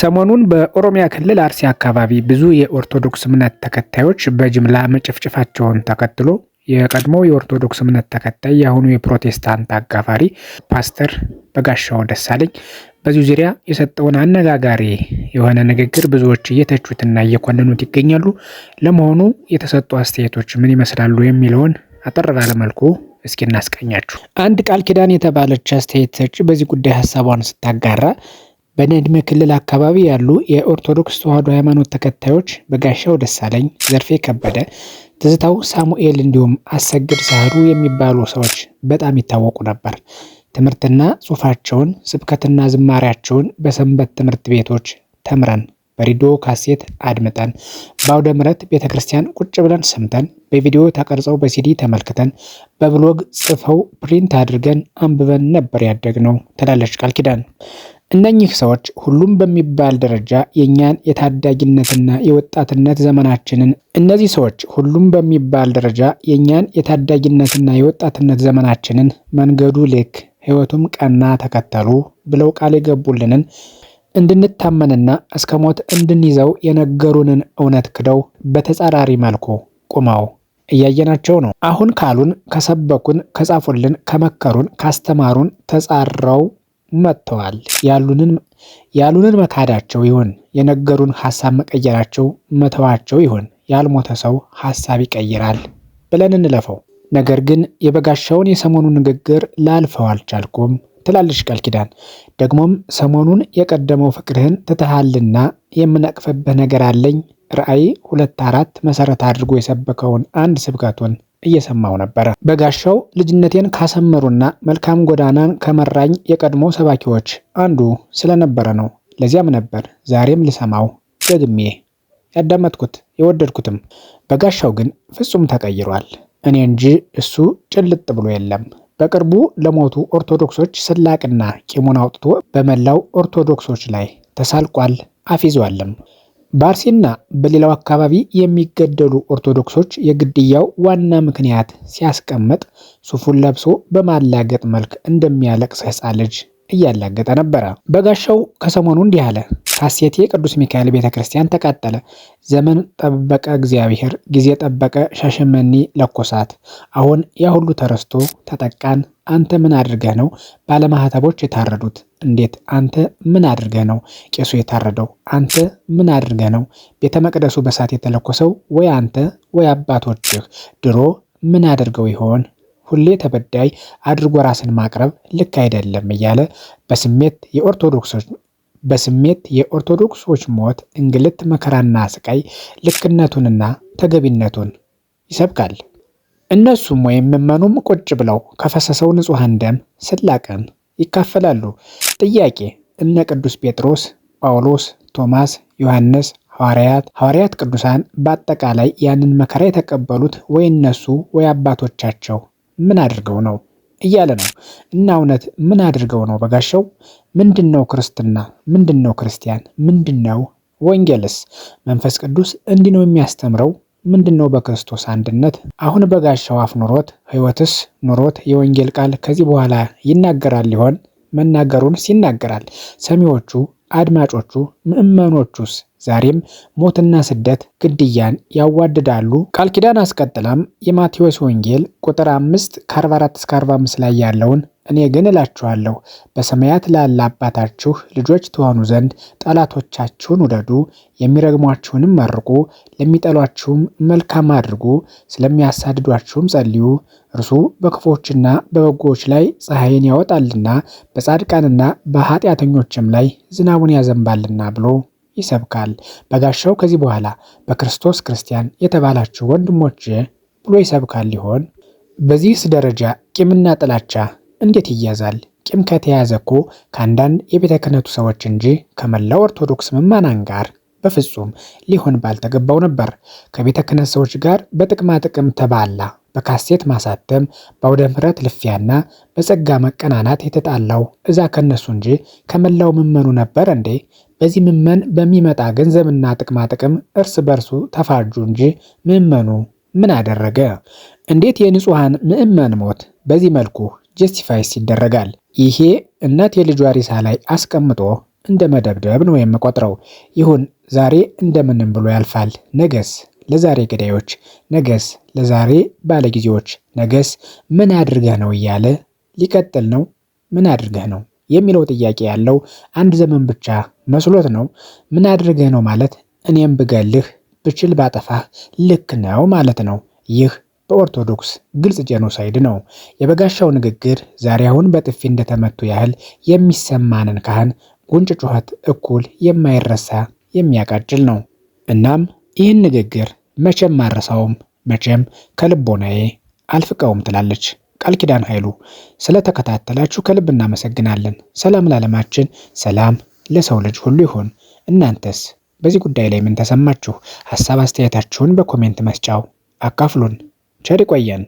ሰሞኑን በኦሮሚያ ክልል አርሲ አካባቢ ብዙ የኦርቶዶክስ እምነት ተከታዮች በጅምላ መጨፍጨፋቸውን ተከትሎ የቀድሞ የኦርቶዶክስ እምነት ተከታይ የአሁኑ የፕሮቴስታንት አጋፋሪ ፓስተር በጋሻው ደሳለኝ በዚሁ ዙሪያ የሰጠውን አነጋጋሪ የሆነ ንግግር ብዙዎች እየተቹትና እየኮነኑት ይገኛሉ። ለመሆኑ የተሰጡ አስተያየቶች ምን ይመስላሉ የሚለውን አጠር ባለ መልኩ እስኪ እናስቀኛችሁ። አንድ ቃል ኪዳን የተባለች አስተያየት ሰጪ በዚህ ጉዳይ ሀሳቧን ስታጋራ በነድሜ ክልል አካባቢ ያሉ የኦርቶዶክስ ተዋሕዶ ሃይማኖት ተከታዮች በጋሻው ደሳለኝ፣ ዘርፌ ከበደ፣ ትዝታው ሳሙኤል እንዲሁም አሰግድ ሳህዱ የሚባሉ ሰዎች በጣም ይታወቁ ነበር። ትምህርትና ጽሑፋቸውን፣ ስብከትና ዝማሪያቸውን በሰንበት ትምህርት ቤቶች ተምረን በሬዲዮ ካሴት አድምጠን በአውደ ምረት ቤተ ክርስቲያን ቁጭ ብለን ሰምተን በቪዲዮ ተቀርጸው በሲዲ ተመልክተን በብሎግ ጽፈው ፕሪንት አድርገን አንብበን ነበር ያደግነው ትላለች ቃል ኪዳን። እነኚህ ሰዎች ሁሉም በሚባል ደረጃ የእኛን የታዳጊነትና የወጣትነት ዘመናችንን እነዚህ ሰዎች ሁሉም በሚባል ደረጃ የእኛን የታዳጊነትና የወጣትነት ዘመናችንን መንገዱ ልክ ሕይወቱም ቀና ተከተሉ ብለው ቃል የገቡልንን እንድንታመንና እስከ ሞት እንድንይዘው የነገሩንን እውነት ክደው በተጻራሪ መልኩ ቁመው እያየናቸው ነው። አሁን ካሉን፣ ከሰበኩን፣ ከጻፉልን፣ ከመከሩን፣ ካስተማሩን ተጻረው መጥተዋል። ያሉንን ያሉንን መካዳቸው ይሆን? የነገሩን ሀሳብ መቀየራቸው መተዋቸው ይሆን? ያልሞተ ሰው ሀሳብ ይቀይራል ብለን እንለፈው። ነገር ግን የበጋሻውን የሰሞኑን ንግግር ላልፈው አልቻልኩም ትላለች ቃል ኪዳን። ደግሞም ሰሞኑን የቀደመው ፍቅርህን ትተሃልና የምነቅፍብህ ነገር አለኝ ራእይ ሁለት አራት መሰረት አድርጎ የሰበከውን አንድ ስብከቱን እየሰማው ነበረ። በጋሻው ልጅነቴን ካሰመሩና መልካም ጎዳናን ከመራኝ የቀድሞ ሰባኪዎች አንዱ ስለነበረ ነው። ለዚያም ነበር ዛሬም ልሰማው ደግሜ ያዳመጥኩት የወደድኩትም። በጋሻው ግን ፍጹም ተቀይሯል። እኔ እንጂ እሱ ጭልጥ ብሎ የለም። በቅርቡ ለሞቱ ኦርቶዶክሶች ስላቅና ቂሙን አውጥቶ በመላው ኦርቶዶክሶች ላይ ተሳልቋል፣ አፊዟልም። በአርሲና በሌላው አካባቢ የሚገደሉ ኦርቶዶክሶች የግድያው ዋና ምክንያት ሲያስቀምጥ ሱፉን ለብሶ በማላገጥ መልክ እንደሚያለቅስ ሕፃን ልጅ እያላገጠ ነበረ። በጋሻው ከሰሞኑ እንዲህ አለ። ካሴቴ ቅዱስ ሚካኤል ቤተ ክርስቲያን ተቃጠለ። ዘመን ጠበቀ እግዚአብሔር፣ ጊዜ ጠበቀ ሻሸመኔ ለኮሳት። አሁን ያ ሁሉ ተረስቶ ተጠቃን። አንተ ምን አድርገህ ነው ባለማህተቦች የታረዱት? እንዴት አንተ ምን አድርገህ ነው ቄሱ የታረደው? አንተ ምን አድርገህ ነው ቤተ መቅደሱ በሳት የተለኮሰው? ወይ አንተ ወይ አባቶችህ ድሮ ምን አድርገው ይሆን? ሁሌ ተበዳይ አድርጎ ራስን ማቅረብ ልክ አይደለም እያለ በስሜት የኦርቶዶክሶች በስሜት የኦርቶዶክሶች ሞት፣ እንግልት፣ መከራና ስቃይ ልክነቱንና ተገቢነቱን ይሰብካል። እነሱም ወይም ምዕመኑም ቁጭ ብለው ከፈሰሰው ንጹሐን ደም ስላቅን ይካፈላሉ። ጥያቄ እነ ቅዱስ ጴጥሮስ፣ ጳውሎስ፣ ቶማስ፣ ዮሐንስ ሐዋርያት ሐዋርያት ቅዱሳን በአጠቃላይ ያንን መከራ የተቀበሉት ወይ እነሱ ወይ አባቶቻቸው ምን አድርገው ነው እያለ ነው እና እውነት ምን አድርገው ነው በጋሻው? ምንድን ነው ክርስትና? ምንድን ነው ክርስቲያን? ምንድን ነው ወንጌልስ? መንፈስ ቅዱስ እንዲህ ነው የሚያስተምረው ምንድን ነው በክርስቶስ አንድነት? አሁን በጋሻው አፍ ኑሮት ህይወትስ ኑሮት የወንጌል ቃል ከዚህ በኋላ ይናገራል ሊሆን? መናገሩን ይናገራል። ሰሚዎቹ፣ አድማጮቹ፣ ምዕመኖቹስ ዛሬም ሞትና ስደት ግድያን ያዋድዳሉ። ቃል ኪዳን አስቀጥላም የማቴዎስ ወንጌል ቁጥር 5 ከ44 እስከ 45 ላይ ያለውን እኔ ግን እላችኋለሁ በሰማያት ላለ አባታችሁ ልጆች ትሆኑ ዘንድ ጠላቶቻችሁን ውደዱ፣ የሚረግሟችሁንም መርቁ፣ ለሚጠሏችሁም መልካም አድርጉ፣ ስለሚያሳድዷችሁም ጸልዩ። እርሱ በክፎችና በበጎዎች ላይ ፀሐይን ያወጣልና በጻድቃንና በኃጢአተኞችም ላይ ዝናቡን ያዘንባልና ብሎ ይሰብካል። በጋሻው ከዚህ በኋላ በክርስቶስ ክርስቲያን የተባላችሁ ወንድሞች ብሎ ይሰብካል ሊሆን በዚህስ ደረጃ ቂምና ጥላቻ እንዴት ይያዛል? ቂም ከተያዘ እኮ ከአንዳንድ የቤተ ክህነቱ ሰዎች እንጂ ከመላው ኦርቶዶክስ ምዕመናን ጋር በፍጹም ሊሆን ባልተገባው ነበር። ከቤተ ክህነት ሰዎች ጋር በጥቅማ ጥቅም ተባላ፣ በካሴት ማሳተም፣ በአውደ ምሕረት ልፊያና በጸጋ መቀናናት የተጣላው እዛ ከነሱ እንጂ ከመላው ምዕመኑ ነበር እንዴ? በዚህ ምዕመን በሚመጣ ገንዘብና ጥቅማ ጥቅም እርስ በርሱ ተፋጁ እንጂ ምዕመኑ ምን አደረገ? እንዴት የንጹሐን ምዕመን ሞት በዚህ መልኩ ጀስቲፋይስ ይደረጋል። ይሄ እናት የልጇ ሬሳ ላይ አስቀምጦ እንደ መደብደብ ነው የምቆጥረው። ይሁን ዛሬ እንደምንም ብሎ ያልፋል። ነገስ ለዛሬ ገዳዮች፣ ነገስ ለዛሬ ባለጊዜዎች፣ ነገስ ምን አድርገህ ነው እያለ ሊቀጥል ነው። ምን አድርገህ ነው የሚለው ጥያቄ ያለው አንድ ዘመን ብቻ መስሎት ነው። ምን አድርገህ ነው ማለት እኔም ብገልህ ብችል ባጠፋህ ልክ ነው ማለት ነው። ይህ በኦርቶዶክስ ግልጽ ጄኖሳይድ ነው። የበጋሻው ንግግር ዛሬ አሁን በጥፊ እንደተመቱ ያህል የሚሰማንን ካህን ጉንጭ ጩኸት እኩል የማይረሳ የሚያቃጭል ነው። እናም ይህን ንግግር መቼም ማረሳውም መቼም ከልቦናዬ አልፍቀውም ትላለች ቃል ኪዳን ኃይሉ። ስለተከታተላችሁ ከልብ እናመሰግናለን። ሰላም ለዓለማችን፣ ሰላም ለሰው ልጅ ሁሉ ይሁን። እናንተስ በዚህ ጉዳይ ላይ ምን ተሰማችሁ? ሀሳብ አስተያየታችሁን በኮሜንት መስጫው አካፍሉን። ቸር ይቆየን።